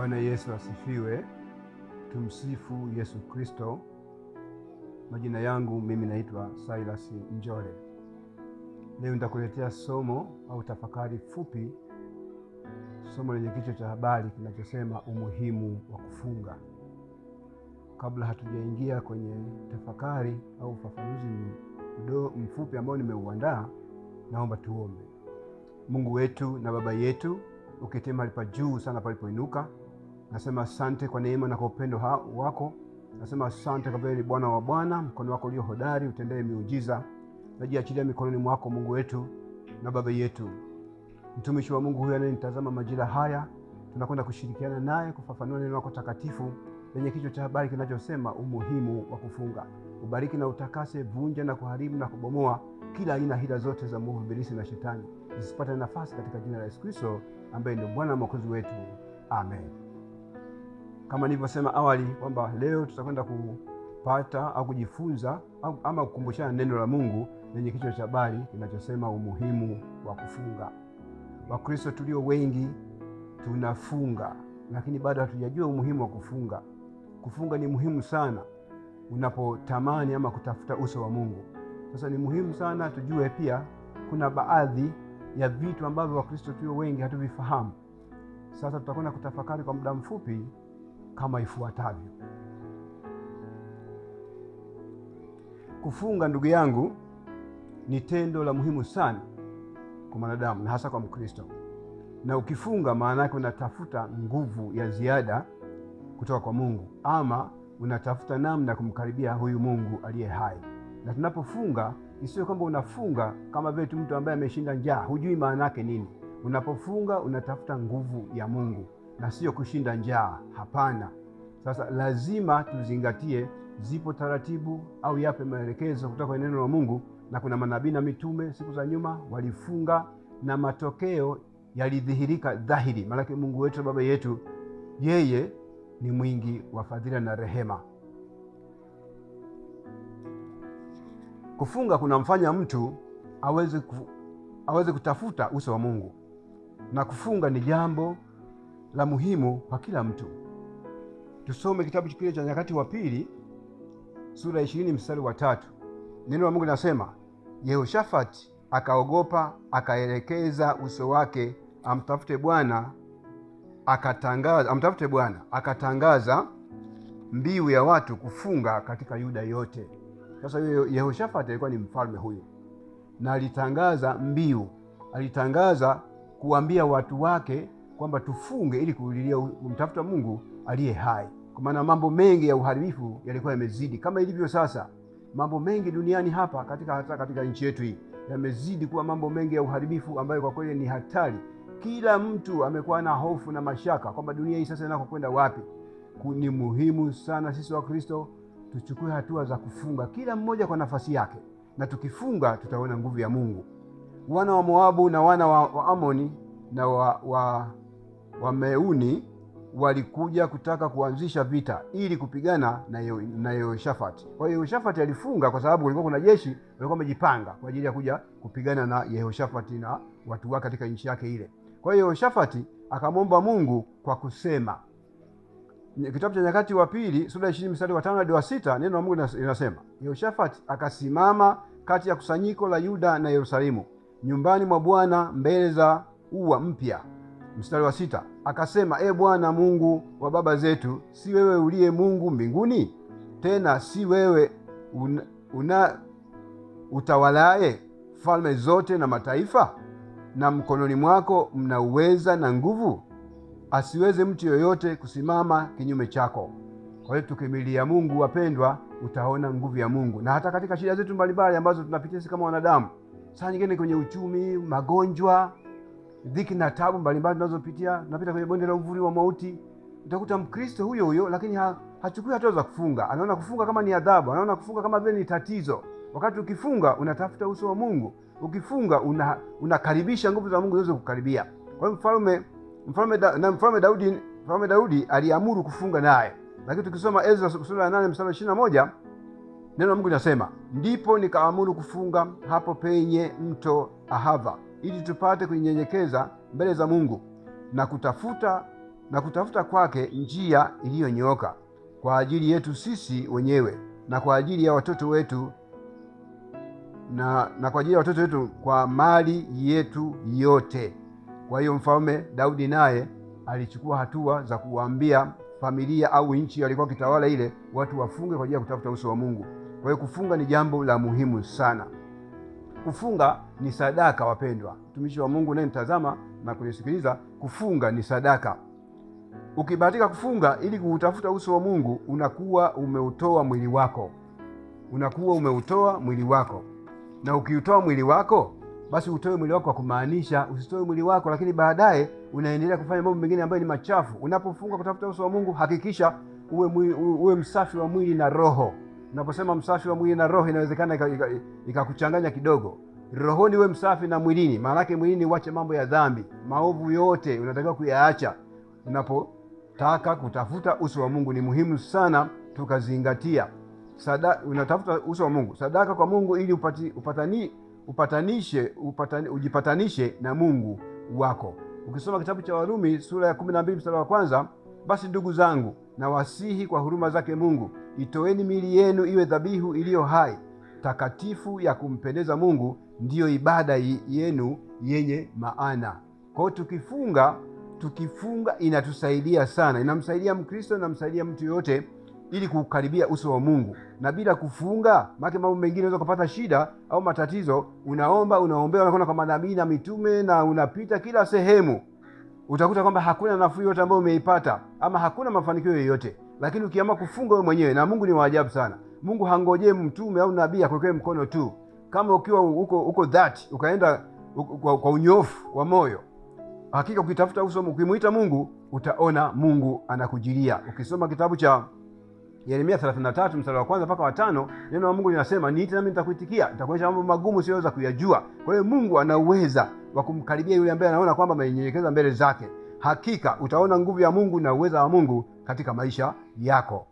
Bwana Yesu asifiwe. Tumsifu Yesu Kristo. Majina yangu mimi naitwa Silas Njole. Leo nitakuletea somo au tafakari fupi, somo lenye kichwa cha habari kinachosema umuhimu wa kufunga. Kabla hatujaingia kwenye tafakari au ufafanuzi mfupi ambao nimeuandaa, naomba tuombe. Mungu wetu na Baba yetu, uketi mahali pa juu sana palipoinuka Nasema asante kwa neema na kwa upendo wako. Nasema asante kwa vile ni Bwana wa Bwana, mkono wako ulio hodari utendee miujiza. Najiachilia mikononi mwako Mungu wetu na Baba yetu. Mtumishi wa Mungu huyu anayenitazama majira haya, tunakwenda kushirikiana naye kufafanua neno lako takatifu lenye kichwa cha habari kinachosema umuhimu wa kufunga. Ubariki na utakase, vunja na kuharibu na kubomoa kila aina hila zote za mwovu Ibilisi na Shetani, zisipate nafasi katika jina la Yesu Kristo ambaye ni Bwana Mwokozi wetu, amen kama nilivyosema awali kwamba leo tutakwenda kupata au kujifunza ama kukumbushana neno la Mungu lenye kichwa cha habari kinachosema umuhimu wa kufunga. Wakristo tulio wengi tunafunga, lakini bado hatujajua umuhimu wa kufunga. Kufunga ni muhimu sana unapotamani ama kutafuta uso wa Mungu. Sasa ni muhimu sana tujue pia kuna baadhi ya vitu ambavyo Wakristo tulio wengi hatuvifahamu. Sasa tutakwenda kutafakari kwa muda mfupi kama ifuatavyo. Kufunga, ndugu yangu, ni tendo la muhimu sana kwa mwanadamu na hasa kwa Mkristo, na ukifunga, maana yake unatafuta nguvu ya ziada kutoka kwa Mungu ama unatafuta namna ya kumkaribia huyu Mungu aliye hai. Na tunapofunga isiwe kwamba unafunga kama vile tu mtu ambaye ameshinda njaa, hujui maana yake nini. Unapofunga unatafuta nguvu ya Mungu na sio kushinda njaa. Hapana. Sasa lazima tuzingatie, zipo taratibu au yape maelekezo kutoka kwenye neno la Mungu, na kuna manabii na mitume siku za nyuma walifunga na matokeo yalidhihirika dhahiri. Maanake Mungu wetu Baba yetu yeye ni mwingi wa fadhila na rehema. Kufunga kunamfanya mtu aweze, aweze kutafuta uso wa Mungu, na kufunga ni jambo la muhimu kwa kila mtu. Tusome kitabu kile cha Nyakati wa Pili sura ishirini mstari wa tatu. Neno la Mungu linasema, Yehoshafati akaogopa, akaelekeza uso wake amtafute Bwana, akatangaza amtafute Bwana, akatangaza mbiu ya watu kufunga katika Yuda yote. Sasa huyo Yehoshafati alikuwa ni mfalme huyo, na alitangaza mbiu, alitangaza kuambia watu wake kwamba tufunge ili kulilia kumtafuta Mungu aliye hai, kwa maana mambo mengi ya uharibifu yalikuwa yamezidi, kama ilivyo sasa. Mambo mengi duniani hapa katika, hata katika nchi yetu hii yamezidi kuwa mambo mengi ya uharibifu ambayo kwa kweli ni hatari. Kila mtu amekuwa na hofu na mashaka kwamba dunia hii sasa inakokwenda wapi. Ni muhimu sana sisi Wakristo tuchukue hatua za kufunga, kila mmoja kwa nafasi yake, na tukifunga tutaona nguvu ya Mungu. Wana wa Moabu na wana wa, wa Amoni na wa, wa Wameuni walikuja kutaka kuanzisha vita ili kupigana na Yehoshafati. Kwa hiyo Yehoshafati alifunga kwa sababu kulikuwa kuna jeshi walikuwa wamejipanga kwa ajili ya kuja kupigana na Yehoshafati na watu wake katika nchi yake ile. Kwa hiyo Yehoshafati akamwomba Mungu kwa kusema. Kitabu cha Nyakati wa Pili sura ya 20 mstari wa 5 hadi wa sita neno la Mungu linasema, Yehoshafati akasimama kati ya kusanyiko la Yuda na Yerusalemu nyumbani mwa Bwana mbele za ua mpya mstari wa sita akasema, E Bwana Mungu wa baba zetu, si wewe uliye Mungu mbinguni? Tena si wewe una, una utawalaye falme zote na mataifa, na mkononi mwako mna uweza na nguvu, asiweze mtu yoyote kusimama kinyume chako. Kwa hiyo tukimilia Mungu, wapendwa, utaona nguvu ya Mungu. Na hata katika shida zetu mbalimbali ambazo tunapitia kama wanadamu, saa nyingine kwenye uchumi, magonjwa dhiki na tabu mbalimbali tunazopitia. Tunapita kwenye bonde la uvuli wa mauti, utakuta Mkristo huyo huyo lakini ha, hachukui hatua za kufunga. Anaona kufunga kama ni adhabu, anaona kufunga kama vile ni tatizo, wakati ukifunga unatafuta uso wa Mungu. Ukifunga una, unakaribisha nguvu za Mungu ziweze kukaribia. Kwa hiyo mfalme mfalme da, na mfalme Daudi mfalme Daudi aliamuru kufunga naye, lakini tukisoma Ezra sura ya 8 mstari wa 21 neno la Mungu linasema ndipo nikaamuru kufunga hapo penye mto Ahava ili tupate kunyenyekeza mbele za Mungu na kutafuta, na kutafuta kwake njia iliyonyooka kwa ajili yetu sisi wenyewe na kwa ajili ya watoto wetu na, na kwa ajili ya watoto wetu kwa mali yetu yote. Kwa hiyo Mfalme Daudi naye alichukua hatua za kuwaambia familia au nchi alikuwa kitawala ile, watu wafunge kwa ajili ya kutafuta uso wa Mungu. Kwa hiyo kufunga ni jambo la muhimu sana. Kufunga ni sadaka, wapendwa. Mtumishi wa Mungu unayenitazama na kunisikiliza, kufunga ni sadaka. Ukibahatika kufunga ili kuutafuta uso wa Mungu, unakuwa umeutoa mwili wako, unakuwa umeutoa mwili wako. Na ukiutoa mwili wako, basi utoe mwili wako kwa kumaanisha usitoe mwili wako, lakini baadaye unaendelea kufanya mambo mengine ambayo ni machafu. Unapofunga kutafuta uso wa Mungu, hakikisha uwe, uwe msafi wa mwili na roho. Naposema msafi wa mwili na roho, inawezekana ikakuchanganya ika, ika kidogo. Rohoni we msafi na mwilini, maana yake mwilini uache mambo ya dhambi, maovu yote unatakiwa kuyaacha. Unapotaka kutafuta uso wa Mungu, ni muhimu sana tukazingatia Sada, unatafuta uso wa Mungu, sadaka kwa Mungu ili upati, upatani, upatanishe, upatani, ujipatanishe na Mungu wako. Ukisoma kitabu cha Warumi sura ya 12 mstari wa kwanza, basi ndugu zangu nawasihi kwa huruma zake Mungu Itoeni miili yenu iwe dhabihu iliyo hai takatifu ya kumpendeza Mungu, ndiyo ibada yenu yenye maana. Kwa hiyo tukifunga, tukifunga inatusaidia sana, inamsaidia Mkristo, inamsaidia mtu yoyote ili kukaribia uso wa Mungu. Na bila kufunga, maana mambo mengine unaweza kupata shida au matatizo. Unaomba, unaombea, unakwenda kwa manabii na mitume na unapita kila sehemu, utakuta kwamba hakuna nafuu yoyote ambayo umeipata ama hakuna mafanikio yoyote lakini ukiamua kufunga wewe mwenyewe, na Mungu ni waajabu sana. Mungu hangojee mtume au nabii akwekee mkono tu. Kama ukiwa uko uko dhati ukaenda kwa, kwa unyofu wa moyo, hakika ukitafuta uso, ukimuita Mungu utaona Mungu anakujilia. Ukisoma kitabu cha Yeremia 33 mstari wa kwanza mpaka wa tano, neno la Mungu linasema niite, nami nitakuitikia, nitakuonyesha mambo magumu usiyoweza kuyajua. Kwa hiyo Mungu ana uweza wa kumkaribia yule ambaye anaona kwamba amenyenyekeza mbele zake. Hakika utaona nguvu ya Mungu na uweza wa Mungu katika maisha yako.